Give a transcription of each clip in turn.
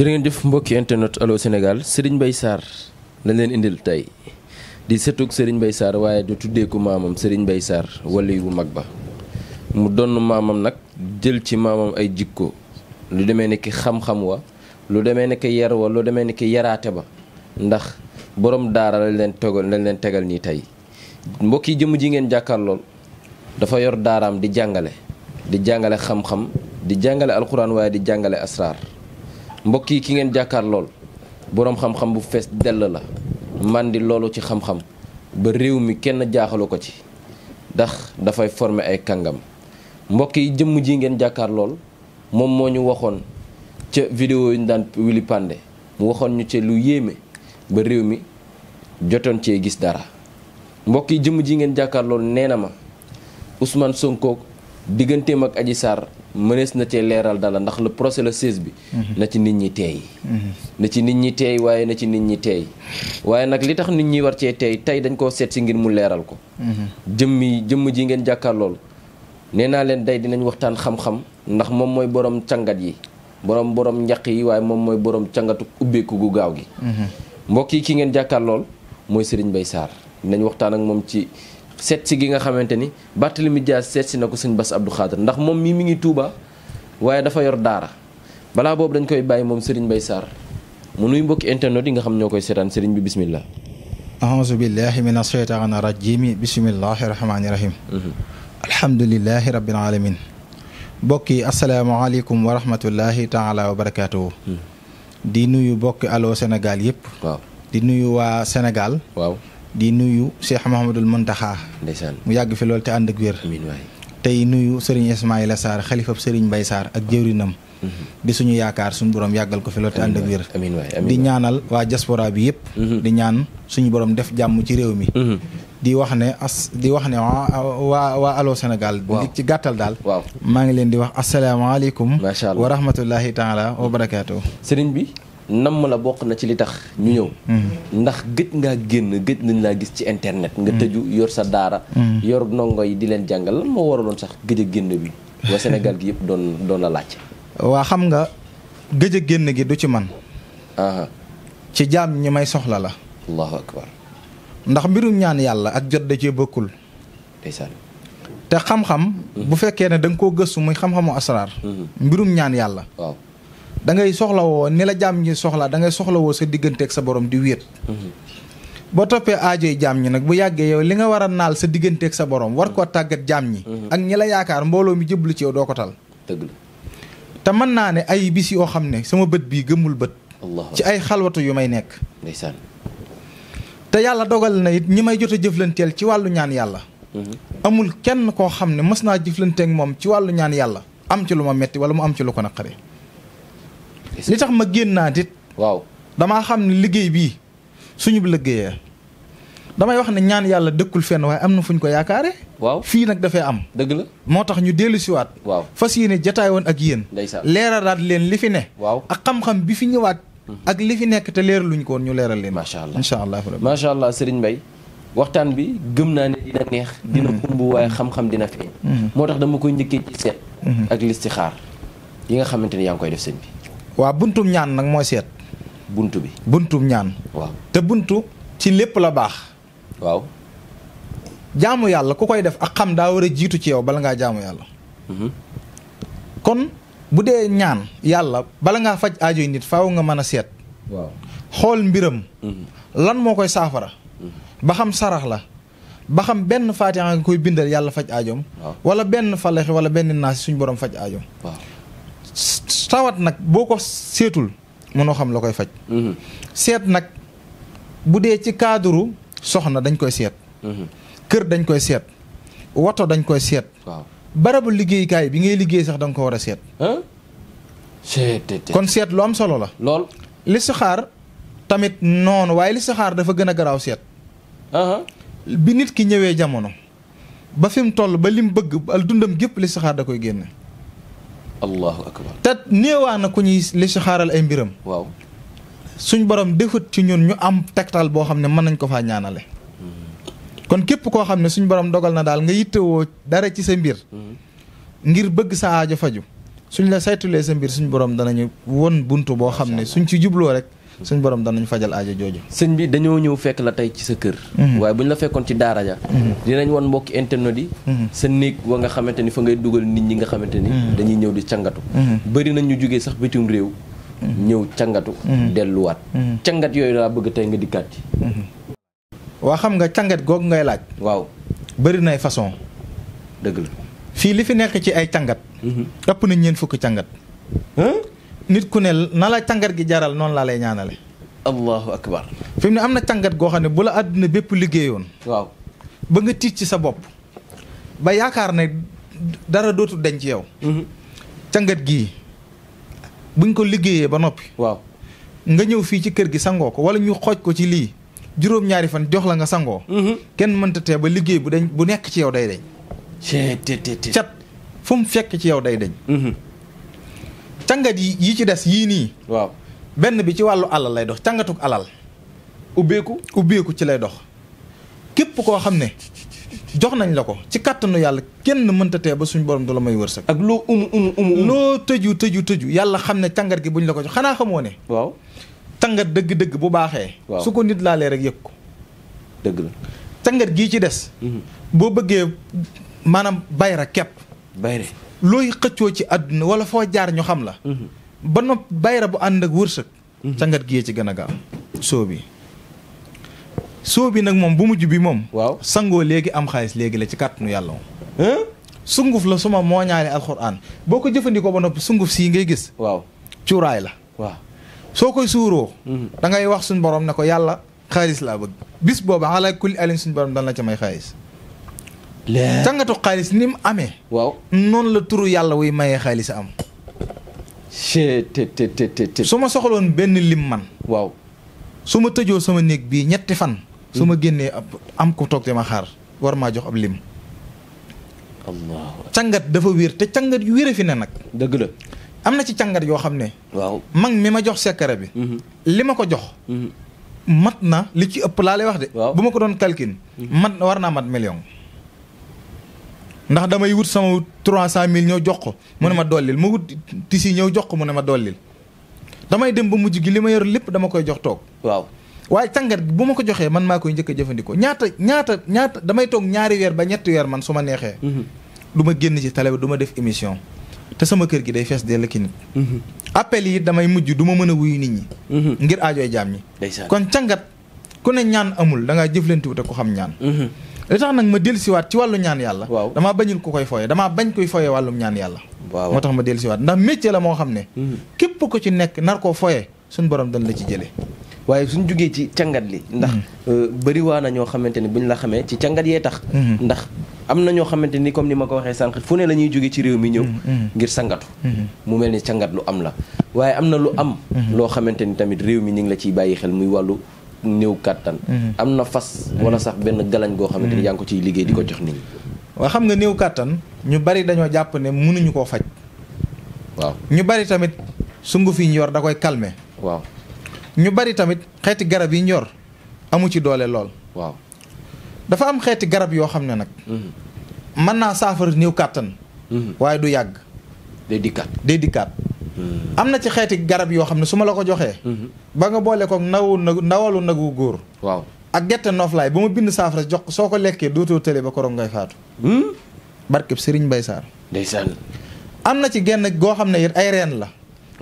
jërë ngeen jëf mbokki internet allo Sénégal Serigne bay saar lañ leen indil tey di sëtug sëriñ bay Sarr waaye du tuddeeku maamam Serigne bay Sarr wali bu mag ba mu donn maamam nag jël ci maamam ay jikko lu demee ni ki xam-xam wa lu demee ni ki yar lu demee ni ki yaraate ba ndax borom daara lañ leen tegal lañ leen tegal nii tey mbokk yi jëmm ji ngeen jàkkaar lool dafa yor daaraam di jàngale di jàngale xam-xam di jàngale alxuraan waaye di jàngale asraar mbokk yi ki ngeen jàkkaar lool boroom xam-xam bu fees dell la màndi loolu ci xam-xam ba réew mi kenn jaaxalu ko ci ndax dafay former ay kàngam mbokk yi jëmm ji ngeen jàkkaar lool moom moo ñu waxoon ca vidéo yi daan Willy Pandé mu waxoon ñu ci lu yéeme ba réew mi jotoon cee gis dara mbokk yi jëmm ji ngeen jàkkaar lool nee na ma Ousmane Sonko digganteem ak aji saar mënees na cee leeral dala ndax la procès le 16 bi. Mhm. na ci nit ñi teey. Mhm. na ci nit ñi teey waaye na ci nit ñi teey waaye nag li tax nit ñi war cee teey tey dañ koo seet si ngir mu leeral ko. jëm mhm. jëmmi jëmm ji ngeen jàkkaar lool nee naa leen day dinañ waxtaan xam-xam ndax moom mooy boroom càngat yi boroom borom njax yi waaye moom mooy boroom càngatu ubbeeku gu gaaw gi. mbokk yi ki ngeen jàkkaar lool mooy Serigne Mbaye Sarr dinañ waxtaan ak moom ci. seet gi nga xamante ni Barthélemy Dias seet si na ko sëñ Bass Abdou Khadre ndax moom mii mi ngi tuuba waaye dafa yor daara balaa boobu dañ koy bàyyi moom Serigne bay Sarr mu nuy mbokki internet yi nga xam ñoo koy seetaan Serigne bi bismillah ahousu billahi min asheytaan rajimi bismillahi rahmaani rahim mhm. alhamdulilahi rabbil alamin mbokk yi asalaamaaleykum wa rahmatullahi taala wa barakaatuhu mhm. di nuyu bokki Allô Sénégal yëpp di nuyu waa Sénégal waaw di nuyu Cheikh Mouhamadul Mountakha. ndeysaan mu yàgg fi loolu te ànd ak wér. amiin waay tey nuyu Serigne Ismaïla Sarr xalifab Serigne Mbaye saar ak jëwrinam mm-hmm. di suñu yaakaar suñu borom yàggal ko fi loolu te ànd ak wér. di ñaanal waa diaspora bi yëpp. Mm-hmm. di ñaan suñu borom def jàmm ci réew mi. Mm-hmm. di wax ne as di wax ne waa waa Sénégal. waaw ci gàttal daal. waaw maa ngi leen di wax asalaamaaleykum. macha allah wa rahmatullahi taala sëriñ bi. namm la bokk na ci li tax ñu ñëw mm-hmm. ndax gëj ngaa génn gëj nañ laa gis ci internet nga mm-hmm. tëju yor sa daara mm-hmm. yor ndongo yi di leen jàngal lan moo waraloon sax gëj génn bi waa Sénégal yëpp doon doon la waa xam nga gëj génn gi du ci man ci jaam ñi may soxla la ndax mbirum ñaan yàlla ak jot da cee bokkul ndeysaan te xam-xam bu fekkee ne da nga koo gëstu muy xam-xamu asraar mbirum ñaan yàlla dangay ngay soxlawoo ni la jaam ñi soxlaa dangay ngay soxlawoo sa digganteeg sa borom di wéet. Mhm. boo toppee aajoy jaam ñi nag bu yàggee yow li nga war a naal sa digganteeg sa borom war koo tàggat jaam ñi. Mhm. ak ñi la yaakaar mbooloo mi jëblu ci doo ko tal. te mën naa ne ay bis yoo xam ne sama bët bii gëmmul bët. ci ay xalwatu yu may nekk. ndeysaan. te yàlla dogal na it ñi may jot jëflanteel ci wàllu ñaan yàlla. Mhm. kenn koo xam ne mës naa jëflanteeg moom ci wàllu ñaan yàlla. am ci lu ma metti wala mu am ci lu ko naqaree. li tax ma génn naa it. waaw damaa xam ne liggéey bii suñu liggéeyee damay wax ne ñaan yàlla dëkkul fenn waaye am na fuñ ko yaakaare waaw fii nag dafay am. dëgg la moo tax ñu dellu siwaat waaw fas yéene jataay woon ak yéen. ndeysaan leeralaat leen li fi ne. waaw ak xam bi fi ñëwaat. Mhm. ak li fi nekk te leer luñ ko woon ñu leeral leen. macha allah incha allah macha allah Serigne Mbaye waxtaan bi gëm naa ne neex. dina mhm. xumb waaye xam-xam dina mhm. tax dama koy njëkkee ci seet. ak listixaar yi nga xamante ni yaa ngi koy def sëñ bi. waa buntum ñaan nag mooy seet. bunt bi buntum ñaan. te buntu ci lépp la baax. waaw. jaamu yàlla ku koy def ak xam daa war a jiitu ci yow bala ngaa jaamu yàlla. Mm-hmm. kon bu dee ñaan yàlla bala ngaa faj aajo yi nit faaw nga mën a seet. waaw mbiram. Mm-hmm. lan moo koy saafara. Mm-hmm. ba xam sarax la. ba xam benn faatiha nga koy bindal yàlla faj aajoom. wala benn falaxi wala benn naasi suñu borom faj aajoom. tawat nag boo ko seetul mënoo xam la koy faj. Mhm. seet nag bu dee ci cadre soxna dañ koy seet. Mhm. kër dañ koy seet. woto dañ koy seet. waaw barabu liggéeykaay bi ngay liggéey sax da ko war a seet. kon seet lu am solo la. lool listixaar tamit noonu waaye listixaar dafa gën a garaaw seet. bi nit ki ñëwee jamono. ba fi mu toll ba lim bëgg al dundam gépp listixaar da koy génne. allahu akbar te néewaa na ku ñuy listixaaral ay mbiram. waaw suñ borom defut ci ñun ñu am tegtal boo xam ne mën nañ ko faa ñaanale. kon képp koo xam ne suñ borom dogal na daal nga yittewoo dara ci sa mbir. ngir bëgg sa aajo faju suñ la saytulee sa mbir suñ borom danañu won bunt boo xam ne suñ ci jubloo rek. suñ borom danañ fajal aajo jooju sëñ bi dañoo ñëw fekk la tey ci sa kër mhm. waaye bu ñu la fekkoon ci daara ja mhm. dinañ wan mbokki internet yi mhm. sa néeg wa nga xamante ni fa ngay dugal nit ñi nga xamante ni dañuy ñëw di cangatu bëri nañ ñu jógee sax bitim réew ñëw cangatu delluwaat cangat yooyu laa bëgg tey nga dikkaat ci waa xam nga cangat googu ngay laaj waaw bëri nay façon dëgg la fii li fi nekk ci ay cangat ëpp nañ ñeen fukki cangat nit ku ne na la càngat gi jaral noonu laa lay ñaanale allahu akbar fi mu ne am na càngat goo xam ne bu la àdduna bépp liggéeyoon waaw ba nga tiit ci sa bopp ba yaakaar ne dara dootul deñ ci yow mm-hmm. càngat gii buñ ko liggéeyee ba noppi waaw nga ñëw fii ci kër gi sangoo ko wala ñu xooj ko ci lii juróom-ñaari fan jox la nga sangoo mm-hmm. kenn mënta tee ba liggéey bu deñ bu nekk ci yow day dañ cat fu mu fekk ci yow day dañ mm-hmm. cangat yi yi ci des yii nii. waaw benn bi ci wàllu alal lay dox cangatuk alal. ubbeeku ubbeeku ci lay dox. képp koo xam ne jox nañ la ko ci kàttanu yàlla kenn mënta tee ba suñ borom du la may wërsëg. ak loo umu umu umu. loo tëju tëju tëju yàlla xam ne cangat gi buñ la ko jox xanaa xamoo ne. waaw cangat dëgg-dëgg bu baaxee. waaw su ko nit laalee rek yëg ko. dëgg la cangat gii ci des. Mhm. boo bëggee maanaam bayra kepp. looy xëccoo ci àdduna wala foo jaar ñu xam la. Mhm. ba nopp bayra bu ànd ak wërsëg. sangat mhm. giyee ci gën a gaaw soo bi soo bi nag moom bu mujj bi moom. waaw sangoo léegi am xaalis léegi la ci kàttanu yàlla moom. sunguf la suma moo ñaane alxuraan boo ko jëfandikoo ba noppi sunguf sii ngay gis. waaw cuuraay la. waaw soo koy suuroo. Mhm. da ngay wax suñu borom ne ko yàlla xaalis laa bëgg. bis boobu ala kulli alin suñu borom dana la ca may xaalis. cangatu xaalis ni mu amee. waaw noonu la turu yàlla wuy mayee xaalis am. su ma soxloon benn lim man. waaw su ma tëjoo sama néeg bii ñetti fan. su ma mm. génnee ab am ko toog ma xaar war maa jox ab lim. Allah cangat dafa wér te cangat yu wér fi ne nag. dëgg la am na ci cangat yoo xam ne. waaw mag mi ma jox sekkare bi. Mm-hmm. li ma ko jox. Mm-hmm. mat na li ci ëpp laa lay wax de. bu ma ko doon calcul. Mm-hmm. mat war naa mat million. ndax damay wut sama trois cent mille ñëw jox ko mu ne ma dollil ma wut tisi ñëw jox ko mu ne ma dollil damay dem ba mujj gi li ma yor lépp dama koy jox toog waaw waaye càngat bu ma ko joxee man maa koy njëkk a jëfandikoo ñaata ñaata ñaata damay toog ñaari weer ba ñetti weer man su ma neexee mhm. du ma génn ci télé bi du def émission te sama kër gi day fees dell ki nit mhm. appel yi damay mujj du ma mën a wuy nit ñi mhm. ngir aajooy jaam ñi kon càngat ku ne ñaan amul da ngaa jëflantiwu te ko xam ñaan li tax nag ma dellusiwaat ci wàllu ñaan yàlla. waaw damaa bañul ku koy foyee damaa bañ kuy foyee wàllum ñaan yàlla. waaw moo tax ma dellusiwaat ndax métier la moo xam ne. Hmm. képp ko ci nekk nar koo foyee suñu borom dañ la ci jëlee. waaye suñ jugee ci càngat li ndax hmm. euh, bëri waa na ñoo xamante ne buñ la xamee ci cangat yee tax hmm. ndax am na ñoo xamante ni comme ni ma ko waxee sànq fu ne la ñuy jógee ci réew mi ñëw ngir sangatu mu mel ni càngat lu am la waaye am na lu am loo xamante ni tamit réew mi ñu la ciy bàyyi xel muy wàllu néew kàttan mhm. am na fas wala sax benn galañ goo xamante ni mhm. yaa ngi ko ciy liggéey di ko jox nit ñi waa xam nga néew kàttan ñu bari dañoo jàpp ne mënuñu koo faj waaw ñu bari tamit sunguf fi ñu yor da koy calmer waaw ñu bari tamit xeeti garab yi ñu amu ci doole lool waaw dafa am xeeti garab yoo xam ne nag mhm. mën naa saafara néew kàttan waaye du yàgg day dikkaat day dikkaat am na ci xeeti garab yoo xam ne su ma la ko joxee ba nga boole ko nawu nagu ndawalu nagu góor waaw ak gerte noflaay ba ma bind saafara jox soo ko lekkee dootoo tële ba koroog ngay faatu hmm? barkeb Sëriñ Mbay Saar ndeysaan am na ci genn goo xam ne ay reen la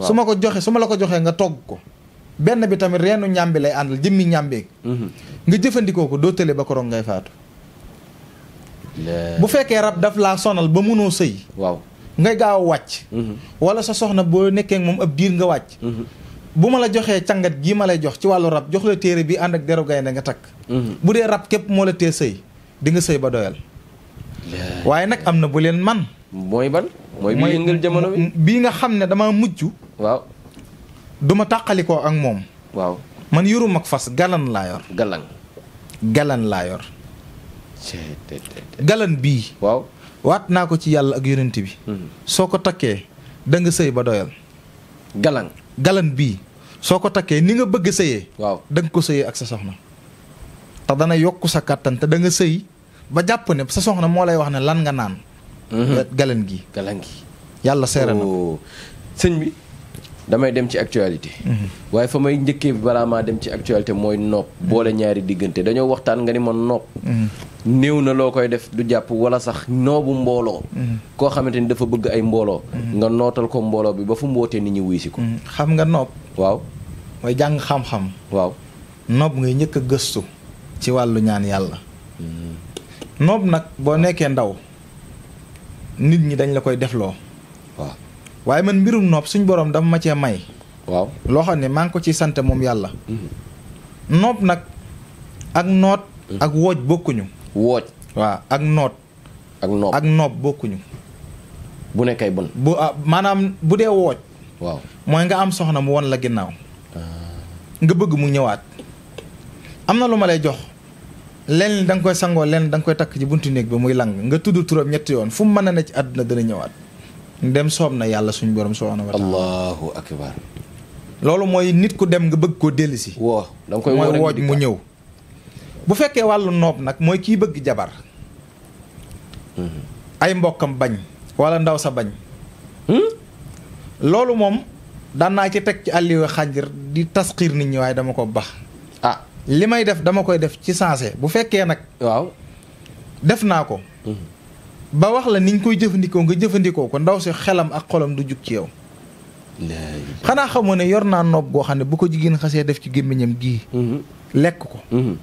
su ma ko joxe su ma la ko joxee nga togg ko benn bi tamit reenu ñàmbi lay àndal jëmmi ñàmbeeg hmm. nga jëfandikoo ko doo tële ba koroog ngay faatu bu fekkee rab daf laa sonal ba mënoo sëy waaw ngay gaaw wàcc wala sa soxna boo nekkee moom ab diir nga wàcc bu ma la joxee càngat gii ma lay jox ci wàllu rab jox la téere bi ànd ak deru gaynde nga takk bu dee rab képp moo la tee sëy di nga sëy ba doyal waaye nag am na bu leen man mooy ban mooy bi jamono bi bii nga xam ne dama mujj waaw du tàqalikoo ak moom waaw man yorum ak fas galan laa yor galan galan laa yor galan bii waaw waat naa ko ci yàlla ak yonent bi hmm. soo ko takkee da nga sëy ba doyal galan galan bii soo ko takkee ni nga bëgg sëyee waaw da ko sëyee ak sa soxna te dana yokk sa kàttan te da nga sëy ba jàpp ne sa soxna moo lay wax ne lan nga naan hmm. galan gi galan gi yàlla seere na oh. sëñ bi damay dem ci actualité. Mhm. waaye fa may njëkkee balaa maa dem ci actualité mooy nopp mhm. boole ñaari diggante dañoo waxtaan nga ni ma nopp. Mhm. néew na loo koy def du jàpp wala sax noobu mbooloo. koo xamante ni dafa bëgg ay mbooloo. nga nootal ko mbooloo bi ba fu mu wootee nit ñi wuy si ko. xam nga nopp. waaw mooy jàng xam-xam. waaw nopp ngay njëkk a gëstu. ci wàllu ñaan yàlla. noob nag boo nekkee ndaw nit ñi dañ la koy defloo. waaye man mbirum nopp suñ borom dama ma cee may. waaw loo xam ne maa ngi ko ci sant moom yàlla. Mhm. nopp nag ak noot. Mhm. ak wooj bokkuñu. wooj waaw ak noot. ak nopp ak nopp bokkuñu. bu nekkay bon. bu ah, maanaam bu dee wooj. waaw mooy nga am soxna mu won la ginnaaw. Ah. nga bëgg mu ñëwaat. am na lu ma lay jox. lenn da nga koy sangoo lenn da nga koy takk ci buntu néeg bi muy lang nga tudd turam ñetti yoon fu mu mën a ne ci àdduna dana ñëwaat. dem soob na yàlla suñu borom subhaanahu wa taala allahu akbar loolu mooy nit ku dem nga bëgg koo dellu si woo danga koy mooy wooj mu ñëw bu fekkee wàllu noob nag mooy kii bëgg jabar mm-hmm. ay mbokkam bañ walla ndaw sa bañ hmm? loolu moom daan naa ci teg ci àlliwe xànjir di tasxiir nit ñi waaye dama ko bax ah li may def dama koy def ci sensé bu fekkee nag waaw def naa ko mm-hmm. ba wax la ni ñu koy jëfandikoo nga jëfandikoo ko ndaw si xelam ak xolam du jug ci yow. xanaa xamoo ne yor naa nopp goo xam ne bu ko jigéen xasee def ci gémmiñam gii. Mhm. lekk ko. Mhm.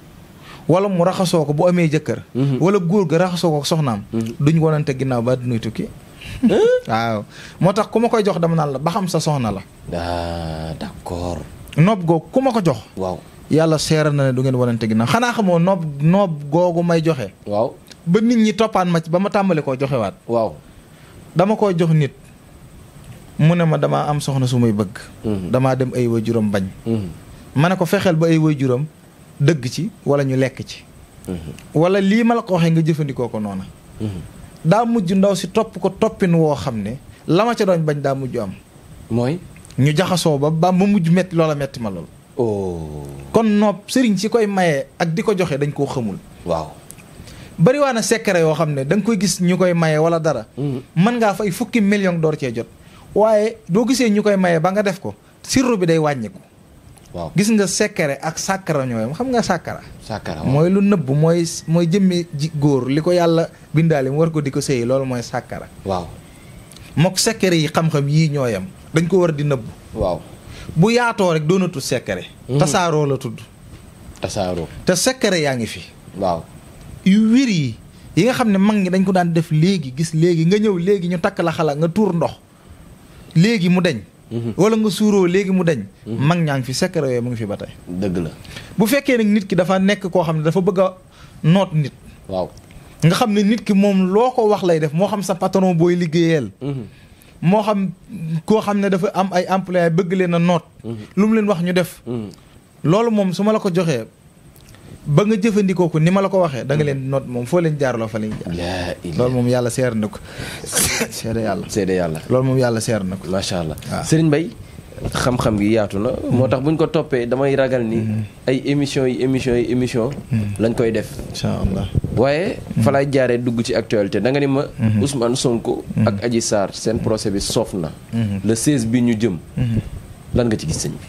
mu raxasoo ko bu amee jëkkër. Mhm. wala góor ga raxasoo ko soxnaam. duñ wonante ginnaaw ba du nuy tukki. moo tax ku ma koy jox dama naan la ba xam sa soxna la. ah d'accord. nopp googu ku ma ko jox. waaw yàlla seera na ne du ngeen wonante ginnaaw xanaa xamoo nopp nopp googu may joxe. ba nit ñi toppaan ma ci ba ma tàmbali koo joxewaat waaw dama koo jox nit mu ne ma dama am soxna su may bëgg mhm. damaa dem ay waajuram bañ mhm. ma ne ko fexeel ba ay waajuram dëgg ci wala ñu lekk ci mhm. wala lii ma la ko waxee nga jëfandikoo ko noona daa mujj ndaw si topp ko toppin woo xam ne la ma ca doon bañ daa mujj am mooy ñu jaxasoo ba ba ma mujj metti loola metti ma lool oh. kon noob sëriñ si koy mayee ak di ko joxe dañ koo xamul waaw bari waa na secret yoo xam ne da nga koy gis ñu koy maye wala dara. Mm. mën ngaa fay fukki million door cee jot. waaye doo gisee ñu koy maye ba nga def ko sirru bi day wàññiku waaw gis nga secret ak sàkkara ñooyam xam nga sàkkara. sàkkara mooy lu nëbb mooy mooy jëmmi ji góor li ko yàlla bindaale war ko di ko sëyi loolu mooy sàkkara. waaw mook secret yi xam-xam yii ñooyam dañ ko war di nëbb. waaw bu yaatoo rek doonatu secret. Mm-hmm. tasaaroo la tudd. tasaaroo te secret yaa ngi fi. yu wér yi yi nga xam ne mag ñi dañ ko daan def léegi gis léegi nga ñëw léegi ñu takk la xalaat nga tuur ndox léegi mu deñ mhm. wala nga suuroo léegi mu deñ mhm. mag ñaa ngi fi secret yooyu mu ngi fi ba tey dëgg la bu fekkee nag nit ki dafa nekk koo xam ne dafa bëgg noot nit waaw nga xam ne nit ki moom loo ko wax lay def moo xam sa patron booy liggéeyeel mhm. xam koo xam ne dafa am ay employé bëgg leen na noot lu mu leen wax ñu def loolu moom su ma la ko joxee ba nga jëfandikoo ko ni ma la ko waxee danga leen mm-hmm. noot moom foo leen jaarloo fa leen jaar loolu moom yàlla seer na ko seede yàlla seede yàlla loolu moom yàlla seer na ko macha allah Serigne Mbaye xam-xam gi yaatu na mm-hmm. moo tax bu ñu ko toppee damay ragal ni mm-hmm. ay émission yi émission yi émission lañ koy def incha allah waaye fa jaaree dugg ci actualité da nga ni ma Ousmane Sonko ak Adji Sarr seen procès bi soof na le 16 bi ñu jëm lan nga ci gis sëñ bi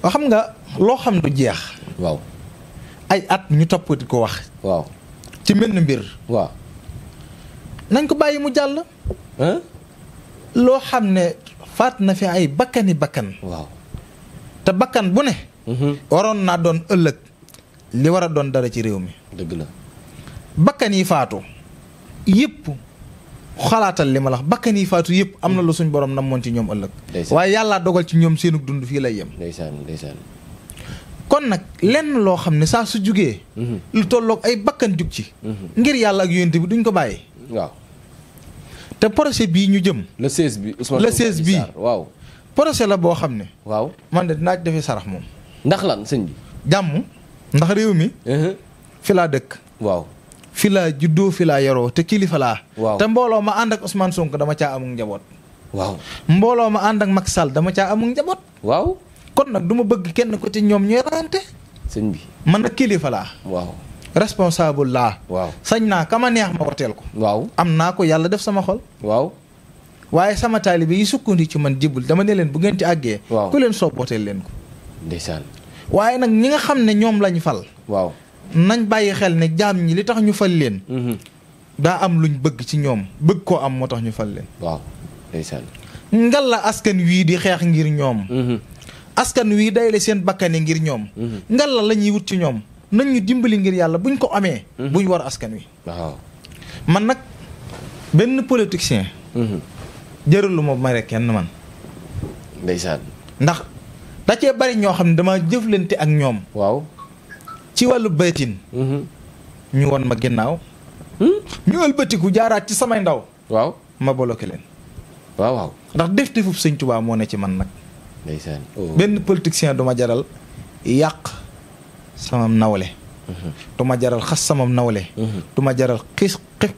waaw xam nga loo xam du jeex waaw ay at ñu topp di ko wax. waaw ci mel ni mbir. waaw nañ ko bàyyi mu jàll. loo xam ne faat na fi ay bakkani bakkan. waaw te bakkan bu ne. Mhm. waroon naa doon ëllëg li war a doon dara ci réew mi. dëgg la bakkan yi faatu yëpp xalaatal li ma la wax bakkan yi faatu yëpp am na lu mm. suñ borom namoon ci ñoom ëllëg. waaye yàllaa dogal ci ñoom seenug dund fii lay yem. ndeysaan ndeysaan kon nag lenn loo xam ne saa su jógee mhm. lu tollook ay bakkan jug ci. Mhm. ngir yàlla ak yonent bi duñ ko bàyyi. waaw te projet bii ñu jëm. le 16 bi Ousmane le 16 bii waaw. projet la boo xam ne. waaw man de dinaa defee sarax moom. ndax lan sëñ bi. jàmm ndax réew mi. Mhm. fi laa dëkk. waaw fi laa juddoo fi laa yaroo te kilifa laa. waaw te mbooloo ma ànd ak Ousmane Sonko dama caa amul njaboot. waaw mbooloo ma ànd ak mag Sall dama caa amul njaboot. waaw. kon nag du ma bëgg kenn ko ci ñoom ñooy rayante sëñ bi man nag kilifa laa waaw responsable laa waaw sañ naa kama neex ma woteel ko waaw am naa ko yàlla def sama xol waaw waaye sama taalibe yi sukkandi ci man jibul dama ne leen bu ngeen ci àggee waaw ku leen soob woteel leen ko ndeysaan waaye nag ñi nga xam ne ñoom lañu fal waaw nañ bàyyi xel ne jaam ñi li tax ñu fal leen mm-hmm. daa am luñ bëgg ci ñoom bëgg koo am moo tax ñu fal leen waaw ngal la askan wii di xeex ngir ñoom mm-hmm. askan wii dayale seen bakkani ngir ñoom mhm. ngal la la ñuy wut ci ñoom nañu dimbali ngir yàlla buñ ko amee mhm. buñ war askan wi waaw man nag benn politicien mhm. jërul lu ma mare kenn man ndeysaan ndax da bari ñoo xam ne dama jëflante ak ñoom waaw ci wàllu baytin ñu won ma ginnaaw hmm? ñu ëlbatiku jaaraat ci samay ndaw waaw ma bloqué leen waaw waaw ndax def defub sëñ Tuubaa moo ne ci man nag ndeysaan oh. benn politicien du ma jaral yàq sama nawle. Mhm. du ma jaral xas sama nawle. Mhm. du ma jaral xis xis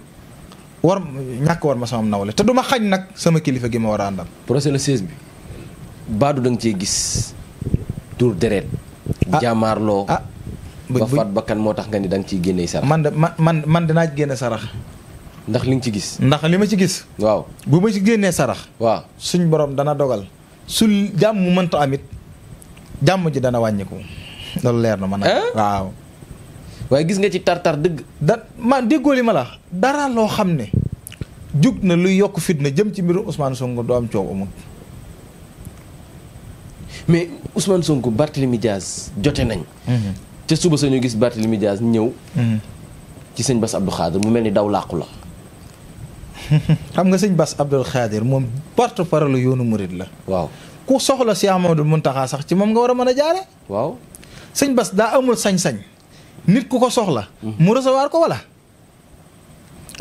war ñàkk war ma samam nawle te duma ma xañ nag sama kilifa gi ma war a àndal. procès le 16 bi baadu da cee gis tur deret. jaamaarloo ah, ah. ba faat bakkan moo tax nga ni da nga ciy génnee sarax. man de man man man dinaa génne sarax. ndax li nga ci gis. ndax li ma ci gis. waaw bu ma ci génnee sarax. waaw suñ borom dana dogal. su jàmm mënta amit jàmm ji dana wàññiku loolu leer na man waaw waaye gis nga ci tartar dëgg da man déggoo li ma la dara loo xam ne jug na lu yokk fitna jëm ci mbirum Ousmane Sonko doo am coow amul mais Ousmane Sonko Barthélemy Diaz jote nañ ca mhm. suba sañu gis Barthélemy Diaz ñëw mhm. ci sëñ Bass Abdou Khadre mu mel ni daw làqu la xam nga sëñ bas Abdou Khadre moom porte parole yoonu murid la. waaw ku soxla si Amadou Muntaxa sax ci moom nga war a mën a jaare waaw sëñ Bass daa amul sañ-sañ. nit ku ko soxla. Mhm. mu recevoir ko wala.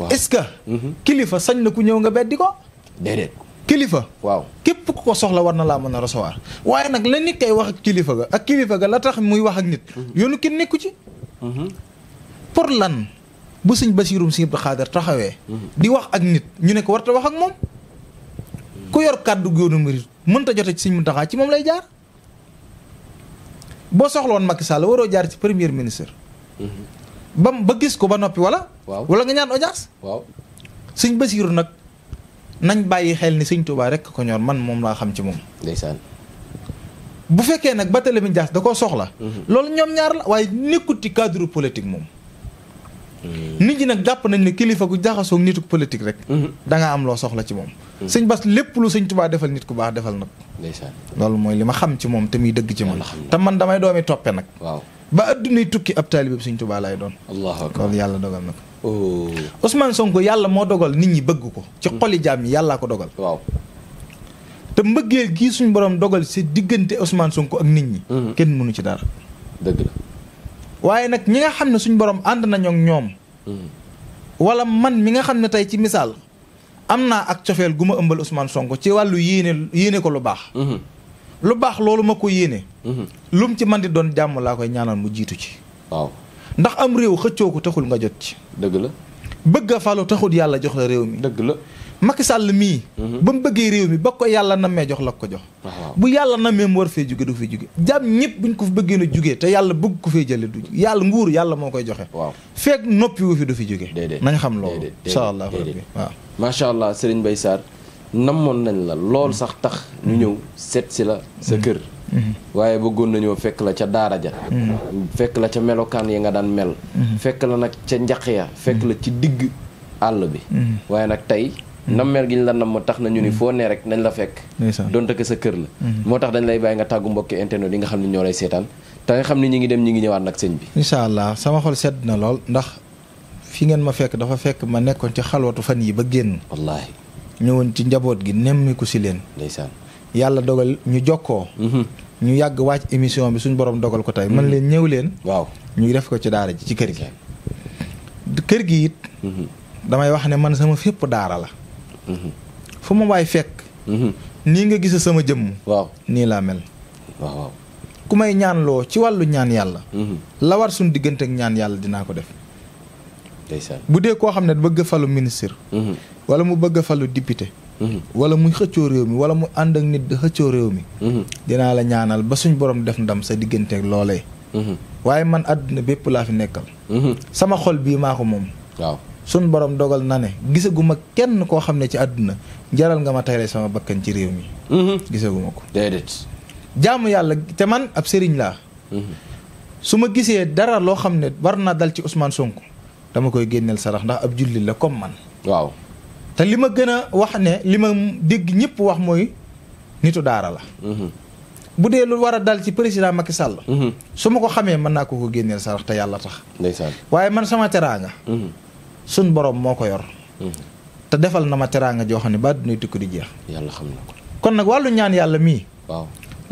waaw ce que. Mhm. kilifa sañ na ku ñëw nga beddi ko. déedéet. kilifa. waaw képp ku ko soxla war na laa mën a recevoir waaye nag la nit kay wax ak kilifa ga ak kilifa ga la tax muy wax ak nit. Mhm. yoonu kenn nekku ci. pour lan. bu sëñ basiirum sëñ Abdu Xaadar taxawee di wax ak nit ñu ne ko warta wax ak moom kàddu yoonu murit mënta jote ci sëñ Muntaxaa ci moom lay jaar boo soxloon Macky Sall waroo jaar ci premier ministre ba ba gis ko ba noppi wala wala nga ñaan audience waaw sëñ basiiru nag nañ bàyyi xel ni sëñ Tuubaa rekk ko ñor man moom laa xam ci moom ndeysaan bu fekkee nag ba Barthélémy Dias da koo soxla mhm. loolu ñoom ñaar la waaye nekkut ci cadre moom Mm-hmm. nit ñi nag jàpp nañ ne kilifa gu jaxasoo ak nitu politique rek. Mm-hmm. da am loo soxla ci moom. Mm-hmm. sëñ Bass lépp lu sëñ Tuubaa defal nit ku baax defal nag. loolu mooy li ma xam ci moom te muy dëgg ci man. te man damay doomi toppe nag. waaw ba addunay tukki ab taalibe bi sëñ Tuubaa laay doon. allahu akbar loolu yàlla dogal na ko. Oh. Ousmane Sonko yàlla moo dogal nit ñi bëgg ko. ci xoli jaam yi yàllaa ko dogal. waaw te mbëggeel gii suñu borom dogal si diggante Ousmane Sonko ak nit ñi. kenn mënu ci dara. dëgg waaye nag ñi nga xam ne suñ borom ànd nañoo ñoom wala man mi nga xam ne tey ci misaal am naa ak cofeel gu ma ëmbal Ousmane Sonko ci wàllu yéene yéene ko lu baax mm-hmm. lu baax loolu ma ko yéene mm-hmm. lu mu ci man di doon jàmm laa koy ñaanal mu jiitu ci waaw ndax am réew xëccoo ko taxul nga jot ci dëgg la bëgg falu taxul yàlla jox la réew mi dëgg la Macky Sall mii. Mhm. ba mu bëggee réew mi ba ko yàlla namee jox la ko jox. bu yàlla namee mu war fee jóge du fee jóge. jàmm ñëpp buñ ko fi bëggee na jóge te yàlla bëgg ko fee jële du yàlla nguur yàlla moo koy joxe. waaw feeg noppi wu fi du fi jóge. nañ xam loolu incha allah rabbi waaw. macha allah Serigne Mbaye Sarr namoon nañ la lool sax tax. ñu ñëw seet si la sa mm-hmm. kër. Mm-hmm. waaye bëggoon nañoo fekk la ca daara ja mm-hmm. fekk la ca melokaan yi nga daan mel. fekk la nag ca njax ya fekk la ci digg àll bi. waaye nag tey nammeel gi ñu la namm tax na ñu ni mm. foo ne rek nañ la fekk donte que sa kër la mm-hmm. moo tax dañ lay bàyyi nga tàggu mbokki internet yi nga xam ne ñoo lay seetaan te nga xam ne ñi ngi dem ñi ngi ñëwaat nag sëñ bi incha allah sama xol sedd na lool ndax fi ngeen ma fekk dafa fekk ma nekkoon ci xalwatu fan yi ba génn wallaahi ñëwoon ci njaboot gi nemmiku si leen ndeysaan yàlla dogal ñu jokkoo mm-hmm. ñu yàgg wàcc émission bi suñu borom dogal ko tey man mm-hmm. leen ñëw leen waaw ñu def ko ci daara ji ci kër gi kër gi it damay wax ne man sama fépp daara la fu ma waay fekk. Mhm. nii nga gis sama jëmm. waaw nii laa mel. waaw ku may ñaanloo ci wàllu ñaan yàlla. Mhm. la war suñu ñaan yàlla dinaa ko def. ndeysaan bu dee koo xam ne bëgg falu ministre. Mhm. wala mu bëgg falu député. wala muy xëccoo réew mi wala mu ànd ak nit xëccoo réew mi. dinaa la ñaanal ba suñ borom def ndam sa digganteek ak loolee. waaye man àddina bépp laa fi nekkal. sama xol bii maa ko moom. sun borom dogal na ne gisaguma kenn koo xam ne ci àdduna jaral nga ma tayle sama bakkan ci réew mi. Mm-hmm. gisaguma ko. déedéet. jaamu yàlla te man ab sëriñ laa. Mm-hmm. su ma gisee dara loo xam ne war naa dal ci Ousmane Sonko dama koy génneel sarax ndax ab jullit la comme man. waaw te li ma gën a wax ne li ma dégg ñëpp wax mooy nitu daara la. Mm-hmm. bu dee lu war a dal ci président Macky Sall. su ma ko xamee mën naa ko ko génneel sarax te yàlla tax. ndeysaan waaye man sama teraanga. suñ boroom moo ko yor. Hmm. te defal na ma teraanga joo xam ne ba dina tukki di jeex. yàlla xam na kon nag wàllu ñaan yàlla mii.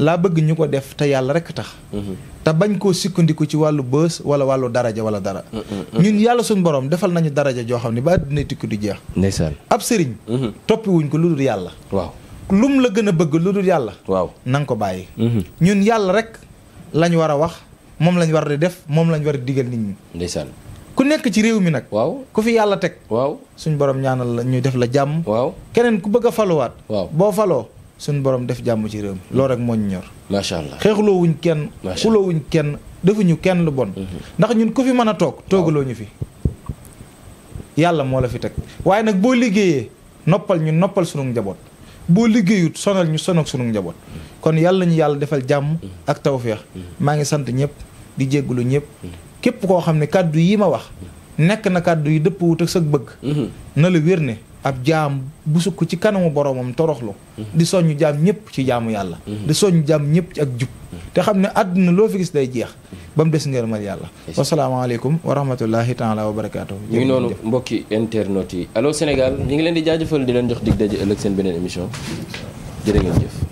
laa bëgg ñu ko def te yàlla rek tax. Hmm. te bañ koo sukkandiku ci wàllu bës wala wàllu daraja wala dara. Hmm, ñun yàlla suñ borom defal nañu daraja joo xam ne ba dina tukki di jeex. ndeysaan ab sëriñ. toppi wuñ ko lu dul yàlla. waaw lum la gën a bëgg lu dul yàlla. waaw na nga ko bàyyi. ñun yàlla rek lañ war a wax moom lañu war di def moom lañu war a digal nit ñi. ku nekk ci réew mi nag. waaw ku fi yàlla teg. waaw suñu borom ñaanal la ñu def la jàmm. waaw keneen ku bëgg a faluwaat. waaw boo faloo suñ borom def jàmm ci réew mi loolu rek moo ñu ñor. macha allah xeexloo wuñ kenn. xuloo wuñ kenn defuñu kenn lu bon. Mhm. ndax ñun ku fi mën a toog toogaloo ñu fi. yàlla moo la fi teg waaye nag boo liggéeyee noppal ñu noppal sunu njaboot boo liggéeyut sonal ñu sonal sunu njaboot mhm. kon yàlla ñu yàlla defal jàmm mhm. ak tawféex maa ngi sant ñëpp di jéggulu ñëpp képp koo xam ne kàddu yi ma wax nekk na kàddu yi dëpp wut ak sa bëgg mhm. na la wér ne ab jaam bu sukk ci kanamu boromam toroxlu mhm. di soññ jaam ñëpp ci jaamu yàlla mhm. di soññ jaam ñëpp ak jub te xam ne àdduna loo fi gis day jeex ba mu des ngërëmal yàlla wasalaamaaleykum wa rahmatullahi taala wa barakaatu ñu ngi noonu mbokki internet yi aloo senegal ñu ngi leen di jaajëfal di leen jox dig daje ëllëg seen beneen émission jërë jëf